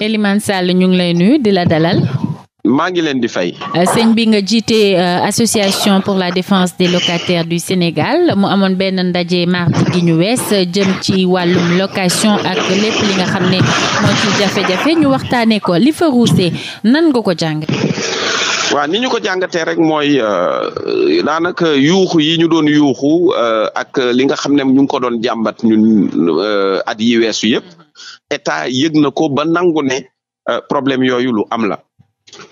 Elimane Sall ñu ngi lay nuyu di la dalal. maa ngi leen di fay. Euh, sëñ bi nga jiite euh, association pour la défense des locataires du Sénégal mu amoon benn ndaje mardi gi ñu wees jëm ci wàllum location ak lépp li nga xam ne moo ci jafe-jafe ñu waxtaanee ko li fa ruusee nan nga ko jàng. waaw ni ñu ko jàngatee rek mooy euh, daanaka yuuxu yi ñu doon yuuxu ak li nga xam ne ñu ngi ko doon jàmbat at yi weesu yëpp. état yëg na ko ba nangu ne euh, problème yooyu lu am la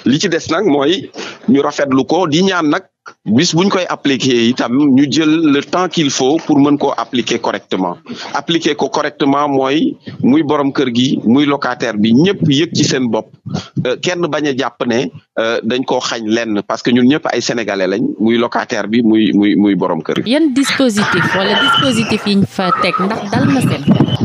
li ci des nag mooy ñu rafetlu ko di ñaan nag bis buñ koy appliquer itam ñu jël le temps qu'il faut pour mën koo appliquer correctement appliquer ko correctement mooy muy borom kër gi muy locataire bi ñëpp yëg ci seen bopp euh, kenn bañ a jàpp ne euh, dañ ko xañ lenn parce que ñun ñëpp ay sénégalais lañ muy locataire bi muy muy muy borom kër gi. yan dispositif wala dispositif yiñ fa teg ndax dal na seen.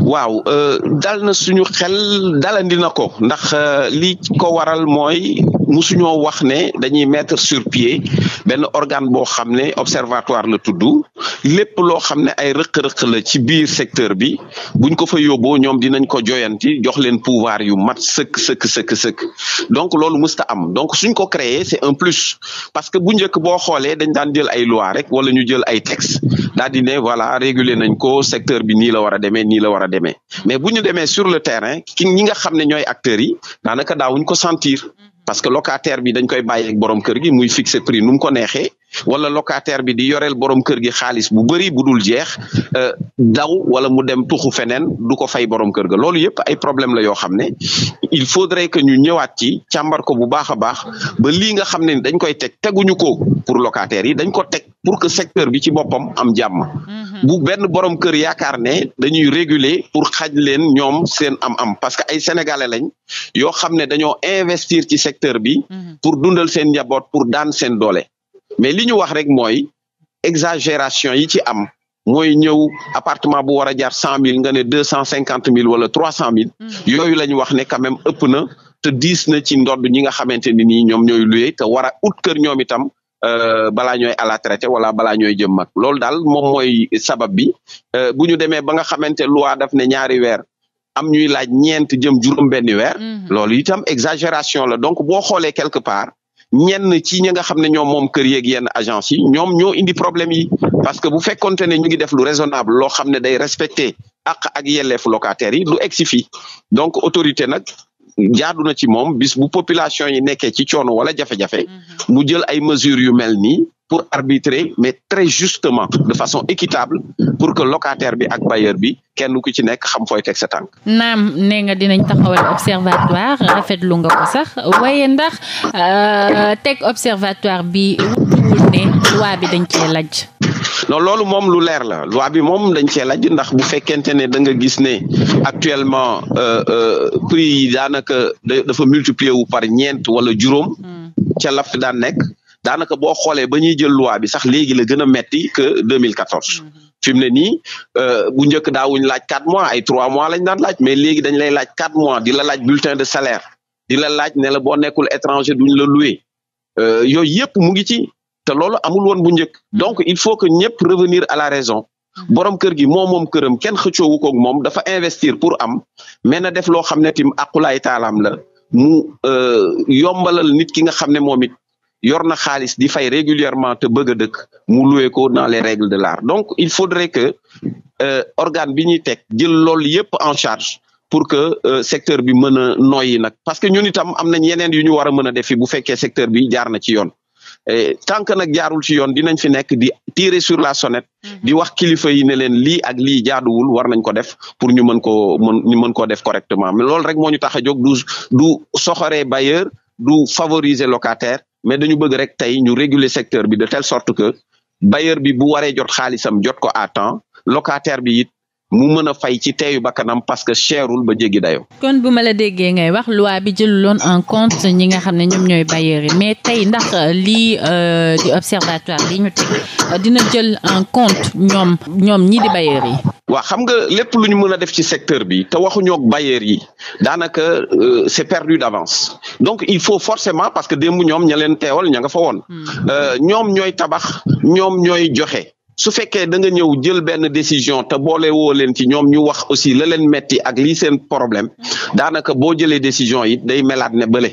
waaw euh, dal na suñu xel dalandi na ko ndax li ko waral mooy musuñoo wax ne dañuy mettre sur pied benn organe boo xam ne observatoire la tudd lépp loo xam ne ay rëq-rëq la ci biir secteur bi buñ ko fa yóbboo ñoom dinañ ko joyanti jox leen pouvoir yu mat sëkk sëkk sëkk sëkk donc loolu mësta am donc suñ ko créer c'est un plus parce que bu njëkk boo xoolee dañ daan jël ay loi rek wala ñu jël ay texte daal di ne voilà réguler nañ ko secteur bi nii la war a demee nii la war a demee mais bu ñu demee sur le terrain ki ñi xam ne ñooy acteurs yi parce que locataire bi dañ koy bàyyi ak borom kër gi muy fixer pris nu ko neexe wala locataire bi di yoreel borom kër gi xaalis bu bëri bu dul jeex euh, daw wala mu dem tuxu feneen du ko fay borom kër ga loolu yëpp ay problème la yoo xam ne il faudrait que ñu ñëwaat ci càmbar ko bu baax a baax ba lii nga xam ne dañ koy teg teguñu ko pour locataire yi dañ ko teg pour que secteur bi ci boppam am jàmm. Mm-hmm. bu benn borom kër yaakaar ne dañuy réguler pour xaj leen ñoom seen am-am parce que ay sénégalais lañ yoo xam ne dañoo investir ci secteur bi. Mhm. pour dundal seen njaboot pour dan seen doole. mais li ñu wax rek mooy exagération yi ci am mooy ñëw appartement bu war a jar cent mille nga ne deux cent cinquante mille wala trois cent mille. Mhm. yooyu la ñu wax ne quand même ëpp na te na ci ndodd ñi nga xamante ni nii ñoom ñooy luye te war a kër ñoom itam. Euh, balaa ñooy à la traité wala balaa ñooy jëm mag loolu daal moom mooy sabab bi euh, bu ñu demee ba nga xamante loi daf ne ñaari weer am ñuy laaj ñeent jëm juróom benni weer mhm. loolu itam exagération la donc boo xoolee quelque part ñenn ci ñi nga xam ne ñoom moom kër yeeg yenn agence yi ñoom ñoo indi problème yi parce que bu fekkonte ne ñu ngi def lu raisonnable loo xam ne day respecter ak ak yelleefu locataires yi du egsi fii donc autorité nag jaadu na ci moom bis bu population yi nekkee ci coono wala jafe-jafe mhm. mu jël ay mesures yu mel nii pour arbitrer mais très justement de façon équitable pour que locater bi ak bailleur bi kenn ku ci nekk xam fooy teg sa tànk. naam nee nga dinañ taxawal observatoire rafetlu nga ko sax waaye ndax euh, teg observatoire bi wut ne loi bi dañ cee lajj. non loolu moom lu leer la loi bi moom dañ cee laaj ndax bu fekkente ne da nga gis ne actuellement euh, euh, prix yi daanaka dafa multiplier wu par ñeent wala juróom hmm. ca la fi daan nekk daanaka boo xoolee ba ñuy jël loi bi sax léegi la gën a metti que 2014. Hmm. fi mu ne nii euh, bu njëkk daawuñ laaj quatre mois ay trois mois lañ daan laaj mais léegi dañ lay laaj quatre mois di la laaj bulletin de salaire di la laaj ne la boo nekkul étranger duñ la loué yooyu yëpp mu ngi ci te loolu amul woon bu njëkk donc il faut que ñëpp revenir à la raison borom kër gi moom moom këram kenn xëccoowu koog moom dafa investir pour am mais na def loo xam ne tim aqulaay taalaam la mu euh, yombalal nit ki nga xam ne moom it yor na xaalis di fay régulièrement te bëgg a dëkk mu loué ko dans les règles de l'art donc il faudrait que euh, organe bi ñuy teg jël loolu yëpp en charge pour que euh, secteur bi mën a noyyi nag parce que ñun itam am nañ yenen yu ñu war a mën a def bu fekkee secteur bi jaar na ci yoon Eh, tant que nag jaarul ci yoon dinañ fi nekk di tirer sur la sonnette. Mhm. di wax kilifa yi ne leen lii ak lii jaaduwul war nañ ko def pour ñu mën koo mën ñu mën koo def correctement mais loolu rek moo ñu tax a jóg du du soxoree bailleur du favoriser locataire mais dañu bëgg rek tey ñu réguler secteur bi de telle sort que bailleur bi bu waree jot xaalisam jot ko à temps locater bi it mu mën a fay ci teeyu bakkanam parce que cherul ba jéggi dayoo. kon bu ma la déggee ngay wax loi bi jëluloon en compte ñi nga xam ne ñoom ñooy bailleurs yi mais tey ndax euh, lii euh, di observatoire bi ñu teg euh, dina jël en compte ñoom ñoom ñii di bailleurs yi. waa xam nga lépp lu ñu mën a def ci secteur bi te waxuñu ak bailleurs yi daanaka c'est perdu d'avance donc il faut forcément parce que démb ñoom ña leen teewal ña nga fa woon. Hmm. ñoom ñooy tabax ñoom ñooy joxe. su fekkee da nga ñëw jël benn décision te boole woo leen ci ñoom ñu wax aussi la leen metti ak lii seen problème daanaka boo jëlee décision yi day melaat ne bale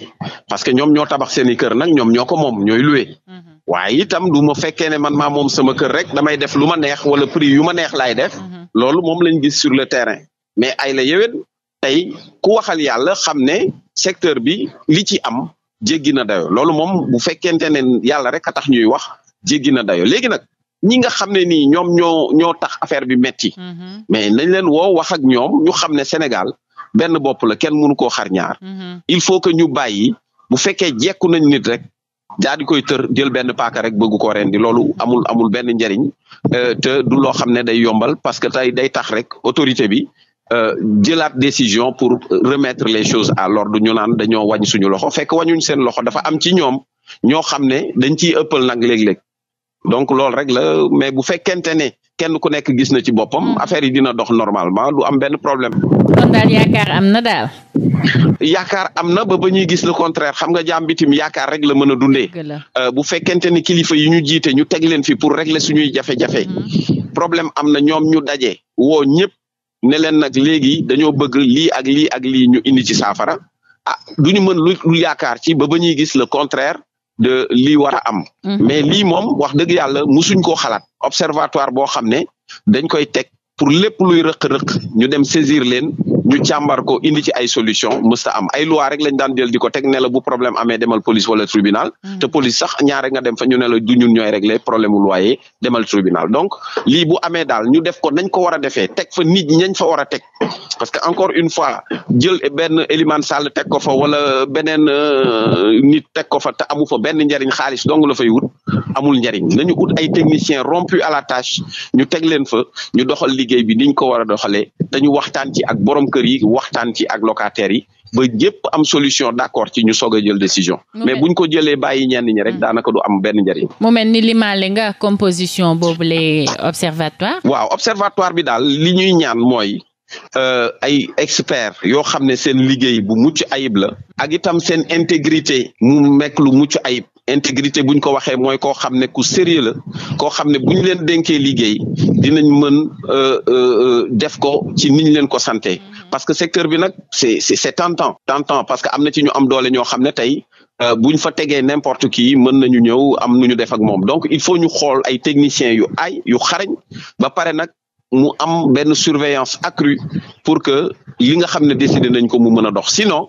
parce que ñoom ñoo tabax seen i kër nag ñoom ñoo ko moom ñooy loué mm-hmm. waaye itam du ma fekkee ne man ma moom sama kër rek damay def lu ma neex wala prix yu ma neex laay def mm-hmm. loolu moom lañ gis sur le terrain mais ay la yéwén tey ku waxal yàlla xam ne secteur bi li ci am jéggi na dayo loolu moom bu fekkente ne yàlla rek a tax ñuy wax jéggi na léegi nag ñi nga xam ne nii ñoom ñoo ñoo tax affaire bi metti mm-hmm. mais nañ leen woo wax ak ñoom ñu xam ne Sénégal benn bopp la kenn mënu koo xar mm-hmm. il faut que ñu bàyyi bu fekkee jekku nañ nit rek jaa di koy tër jël benn paaka rek bëgg ko rendi loolu amul amul benn njariñ euh, te du loo xam ne day yombal parce que tey day tax rek autorité bi euh, jëlaat décision pour remetre les choses à du ñu naan dañoo wàññ suñu loxo fekk wàññuñ seen loxo dafa am ci ñoom ñoo xam ne dañ ciy ëppal nag léeg-léeg donc loolu rek la mais bu fekkente ne kenn ku nekk gis na ci boppam hmm. affaire yi dina dox normalement du am benn problème. kon daal na daal. yaakaar am na ba ba ñuy gis le contraire xam nga jaam bitim yaakaar rek la mën euh, bu fekkente ne kilifa yi ñu jiite ñu teg leen fi pour régler suñuy jafe-jafe. Hmm. problème am na ñoom ñu daje woo ñëpp ne leen nag léegi dañoo bëgg lii ak lii ak lii ñu indi ci saafara ah du ñu mën lu yaakaar ci ba ba ñuy gis le contraire. li lii war a am. Mhm. mais lii moom wax dëgg yàlla musuñ koo xalaat observatoire boo xam ne dañ koy teg pour lépp luy rëq-rëq ñu dem saisir leen ñu càmbar ko indi ci ay solution mësta am ay loi rek lañ daan jël di ko teg ne la bu problème amee demal police wala tribunal mm. te police sax ñaare nga dem fa ñu ne la du ñun ñooy régler problème u loyer demal tribunal donc lii bu amee daal ñu def ko nañ ko war a defee teg fa nit ñi nañ fa war a teg parce que encore une fois jël benn Elimane Sall teg ko fa wala beneen euh, nit teg ko fa te amu fa benn njariñ xaalis dong la fay wut amul njariñ nañu ut ay techniciens rompus à la tache ñu teg leen fa ñu doxal liggéey bi niñ ko war a doxalee te waxtaan ci ak borom kër yi waxtaan ci ak locataires yi ba yëpp am solution d'accord ci ñu soog a jël décision. mais buñ ko jëlee bàyyi ñenn ñi rek mm. daanaka du am benn njariñ. mu mel ni limaale nga composition boobu les observatoire. waaw observatoire bi daal li ñuy ñaan mooy. Euh, ay experts yoo xam ne seen liggéey bu mucc ayib la ak itam seen intégrité mu mekk lu mucc ayib intégrité buñ ko waxee mooy koo xam ne ku sérieux la koo xam ne buñ leen dénkee liggéey dinañ mën euh, euh, euh, def ko ci niñ leen ko santé parce que secteur bi nag c'est c'est c'est tentant tentant parce que am na ci ñu am doole ñoo xam ne tey buñ fa tegee n'importe qui mën nañu ñëw am nu ñu def ak moom donc il faut ñu xool ay technicien yu ay yu xarañ ba pare nag mu am benn surveillance accrue pour que li nga xam ne décidé nañ ko mu mën a dox sinon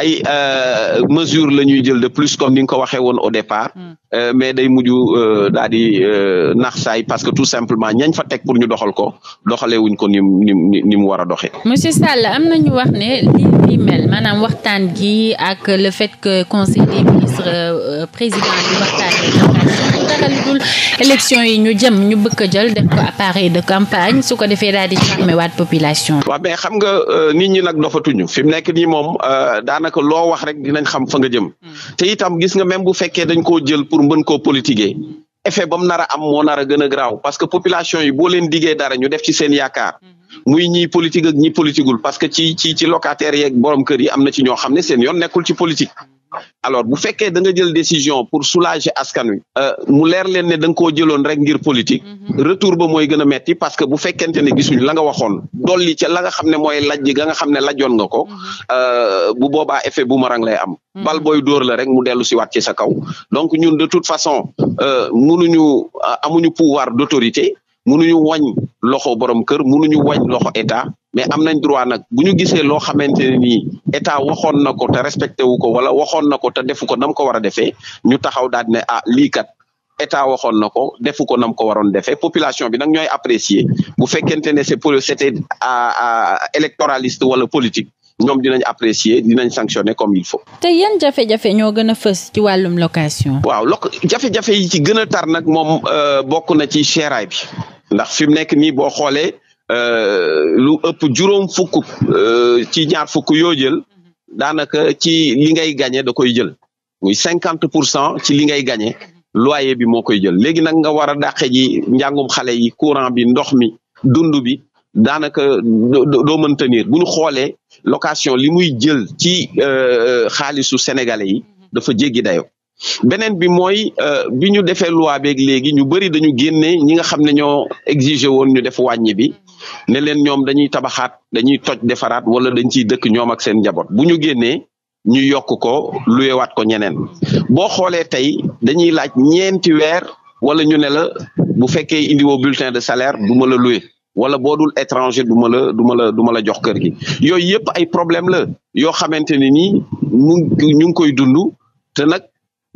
ay euh, mesures la ñuy jël de plus comme ni nga ko waxee woon au départ mm. euh, mais day mujj euh, daal di nax saay parce que tout simplement ñañ fa teg pour ñu doxal ko doxalee wuñ ko ni mu ni mu war a doxee. monsieur Sall am na ñu wax ne li li mel maanaam waxtaan gi ak le fait que conseil des ministres président bi waxtaanee dara lu dul yi ñu jëm ñu bëgg a jël def ko appareil de campagne su ko defee daal di charmé waat population waaw mais xam nga euh, nit ñi nag dofatuñu fi mu nekk nii moom euh, daanaka loo wax rek dinañ xam fa nga jëm hmm. te itam gis nga même bu fekkee dañ koo jël pour mbën koo politiquer effet ba mu nar a am moo nar a gën parce que population yi boo leen diggee dara ñu def ci seen yaakaar hmm. muy ñi politique ak ñi politiqueul parce que ci ci ci locataires yeeg borom kër yi am na ci ñoo xam ne seen yoon nekkul ci politique alors bu fekkee da nga jël décision pour soulager askan wi euh, mu leer leen ne da nga koo jëloon rek ngir politique mhm. retour ba mooy gën a metti parce que bu fekkente ne gisuñ langa nga waxoon dolli ca la nga xam ne mooy lajj ga nga xam ne lajjoon nga ko mhm. euh, bu boobaa effet boomerang lay am mhm. bal booy dóor la rek mu dellu si waat ci sa kaw donc ñun de toute façon euh, munuñu amuñu pouvoir d'autorité munuñu wañ loxo borom kër munuñu wañ loxo état mais am nañ droit nag bu ñu gisee loo xamante ne nii état waxoon na ko te respecté wu ko wala waxoon na ko te defu ko nam ko war a defee ñu taxaw daal ne ah lii état waxoon na ko defu ko nam ko waroon defee population bi nag ñooy apprécié bu fekkente ne c'est c'était électoraliste wala politique ñoom dinañ apprécier dinañ sanctionner comme il faut. te yan jafe-jafe ñoo gën a fës ci wàllum location. waaw lok jafe-jafe yi ci gën a tar nag moom euh, bokk na ci seeraay bi ndax fi mu nekk nii boo xoolee. Euh, lu ëpp juróom fukk euh, ci ñaar fukk yoo jël daanaka ci li ngay gagné da koy jël muy cinquante pour cent ci li ngay gagné loyer bi moo koy jël léegi nag nga war a dàqe ji njàngum xale yi courant bi ndox mi dund bi daanaka doo mën tenir bu ñu xoolee location li muy jël ci euh, xaalisu sénégalais yi dafa jéggi dayo beneen bi mooy bi ñu defee loi beeg léegi ñu bëri dañu génne ñi nga xam ne ñoo exiger woon ñu def wàññi bi ne leen ñoom dañuy tabaxaat dañuy toj defaraat wala dañ ciy dëkk ñoom ak seen njaboot bu ñu génnee ñu yokk ko luyewaat ko ñeneen boo xoolee tey dañuy laaj ñeenti weer wala ñu ne la bu fekkee indiwoo bulletin de salaire du ma la luye wala boo dul étranger du ma la du ma la du ma la jox kër gi yooyu yëpp ay problème la yoo xamante ne nii mu ngi koy dundu te nag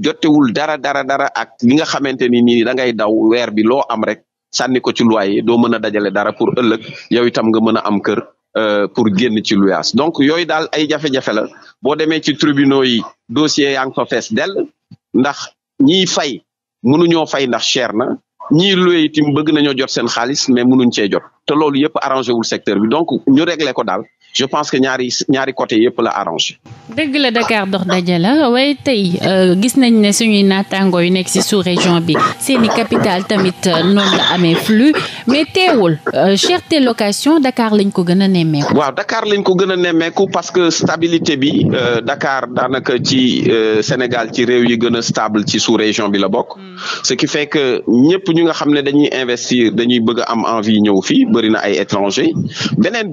jotewul dara dara dara ak li nga xamante ni nii da ngay daw weer bi loo am rek sànni ko ci loyer doo mën a dajale dara pour ëllëg yow itam nga mën a am kër euh, pour génn ci luyaas donc yooyu daal ay jafe-jafe la boo demee ci tribunaux yi dossier yaa ngi fa fees dell ndax ñiy fay mënuñoo fay ndax cher na ñii luye itam bëgg nañoo jot seen xaalis mais mënuñ cee jot te loolu yëpp arrangé wul secteur bi donc ñu réglé ko daal je pense que ñaari ñaari côté yëpp la arrangé. dëgg la Dakar dox daje la waaye tey euh, gis nañ ne suñuy naataangoo yu nekk ci sous région bi seeni capital tamit euh, noonu la amee flux mais teewul euh, cherté location Dakar lañ ko gën a nemmeeku. waaw Dakar lañ ko gën a nemmeeku parce que stabilité bi Dakar daanaka ci Sénégal ci réew yi gën a stable ci sous région bi la bokk. Hmm. ce qui fait que ñëpp ñu nga xam ne dañuy investir dañuy bëgg am envie ñëw fii bëri na ay étrangers beneen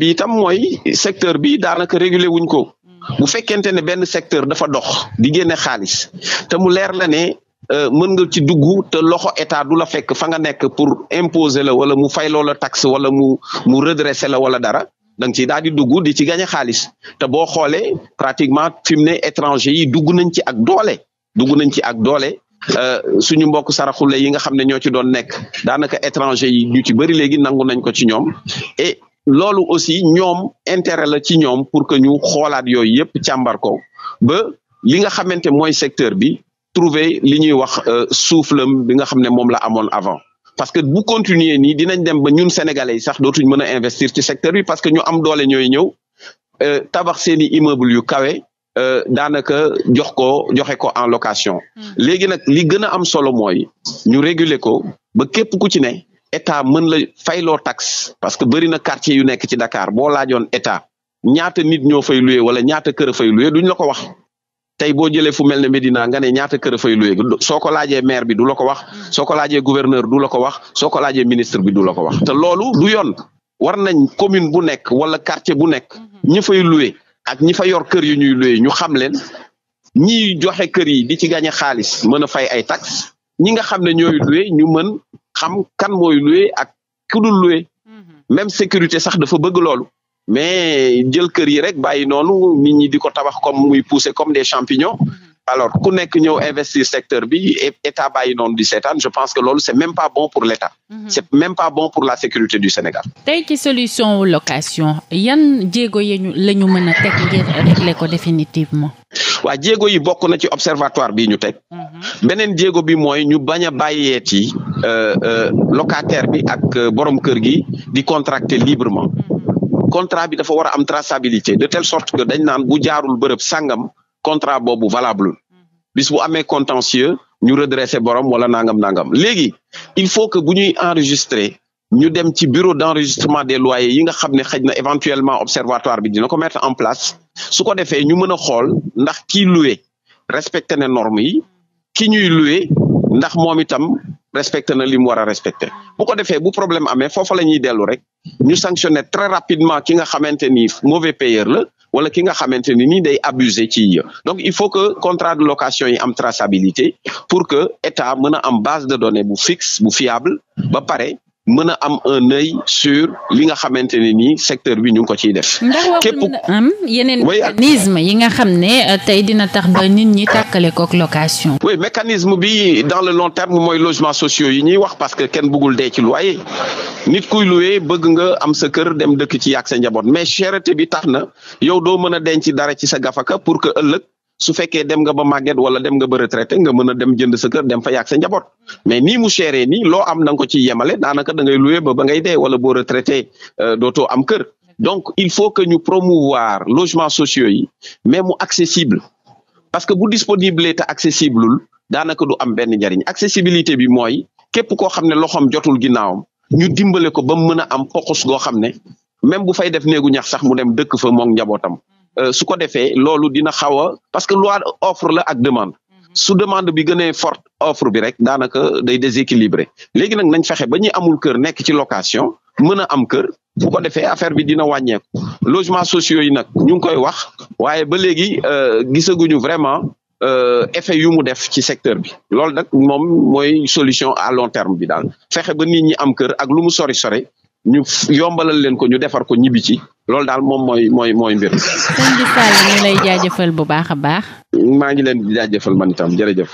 secteur bi daanaka réguler wuñ ko hmm. bu fekkente ne benn secteur dafa dox di génne xaalis te mu leer la ne euh, mën nga ci dugg te loxo état du la fekk fa nga nekk pour imposer la wala mu fay loola taxe wala mu mu redresser la wala dara da nga ci daal di dugg di ci gañe xaalis te boo xoolee pratiquement fi mu ne étranger yi dugg nañ ci ak doole dugg nañ ci ak doole euh, suñu mbokk saraxule yi nga xam ne ñoo ci doon nekk daanaka étranger yi ñu ci bëri léegi nangu nañ ko ci ñoom loolu aussi ñoom intérêt la ci ñoom pour que ñu xoolaat yooyu yëpp càmbar ko ba li nga xamante mooy secteur bi trouver li ñuy wax euh, soufflam bi nga xam ne moom la amoon avant parce que bu continuer nii dinañ dem ba ñun sénégalais yi sax dootuñ mën a investir ci secteur bi parce que ñu am doole ñooy ñëw euh, tabax seeni immeuble yu kawe euh, daanaka jox ko joxe ko en location hmm. léegi nag li gën a am solo mooy ñu réguler ko ba képp ku ci ne état mën la fayloo taxe parce que bëri na quartier yu nekk ci Dakar boo laajoon état ñaata nit ñoo fay luye wala ñaata kër a fay luye duñ la ko wax tey boo jëlee fu mel ne Medina nga ne ñaata kër a fay luye soo ko laajee maire bi du la ko wax mm. soo ko laajee gouverneur du la ko wax soo ko laajee ministre bi du la ko wax te loolu du yoon war nañ commune bu nekk wala quartier bu nekk mm-hmm. ñi fay luye ak ñi fa yor kër yu ñuy ñu xam leen ñi joxe kër yi di ci gañe xaalis mën a fay ay taxe ñi nga xam ne xam kan mooy loué ak ku dul mhm. même sécurité sax dafa bëgg loolu mais jël kër yi rek bàyyi noonu nit ñi di ko tabax comme muy pousser comme des champignons mhm. alors ku nekk ñëw investir secteur bi état bàyyi noonu di seetaan je pense que loolu c'est même pas bon pour l'état mhm. c'est même pas bon pour la sécurité du Sénégal tey ci solution location yan jéego yañu la ñu mën a teg ngir régler ko définitivement waa jéego yi bokk na ci observatoire bi ñu teg beneen jéego bi mooy ñu bañ a Euh, euh, locataire bi ak euh, borom kër gi di contracter librement mm-hmm. contrat bi dafa war a am traçabilité de telle sorte que dañ naan bu jaarul bërëb sangam contrat boobu valable mm-hmm. bis bu amee contentieux ñu redresser borom wala nangam nangam léegi il faut que bu ñuy enregistrer ñu dem ci bureau d'enregistrement des loyers yi nga xam ne xëj na éventuellement observatoire bi dina ko mettre en place su ko defee ñu mën a xool ndax kii loué respecté na normes yi ki ñuy loué respecte na li mu war a respecté bu ko defee bu problème ame foofa la ñuy dellu rek ñu sanctionné très rapidement ki nga xamante ni mauvais payeur la wala ki nga xamante ni nii day abusé ci donc il faut que contrat de location yi am traçabilité pour que état mën a am base de données bu fixe bu fiable ba mën a am un œil sur li nga xamante ni nii secteur bi ñu ngi ko ciy def. képp ndax am yeneen mécanisme yi nga xam ne euh, tey dina tax ba nit ñi tàkkale kook location. oui mécanisme bi dans le long terme mooy logement sociaux yi ñuy wax parce que kenn bugul dee ci loyer nit kuy loué bëgg nga am sa kër dem dëkk ci yak sa njaboot mais cherté bi tax na yow doo mën a denc dara ci sa gafaka pour que ëllëg. su fekkee dem nga ba màgget wala dem ga ba retraité nga mën a dem jënd sa kër dem fa yàgg sa njaboot mais nii mu chéré ni loo am na nga ko ci yemale daanaka da ngay loué ba ba gay dee wala boo retraité euh, dootoo am kër donc il faut que ñu promouvoir logements sociaux yi mais mu accessible parce que bu disponible te accessible daanaka du am benn njariñ accessibilité bi mooy képp koo xam ne loxoom jotul ginnaawam ñu dimbale ko ba mu mën a am focus goo xam ne même bu fay def néegu ñax sax mu dem dëkk fa moom njabootam Euh, su ko defee loolu dina xaw a parce que loi offre la ak demande mhm. su demande bi gënee forte offre bi rek daanaka day déséquilibré léegi nag nañ fexe ba ñi amul kër nekk ci location mën a am kër bu ko defee affaire bi dina wàññeeku logement sociaux yi nag ñu ngi koy wax waaye ba léegi euh, gisaguñu vraiment euh, effet yu mu def ci secteur bi loolu nag moom mooy solution à long terme bi daal fexe ba nit ñi am kër ak lu mu sori sori ñu yombalal leen ko ñu defar ko ñibbi ci loolu daal moom mooy mooy mooy mbir. sëñ bi Sall lay jaajëfal bu baax a baax. maa ngi leen di jaajëfal man itam jërëjëf.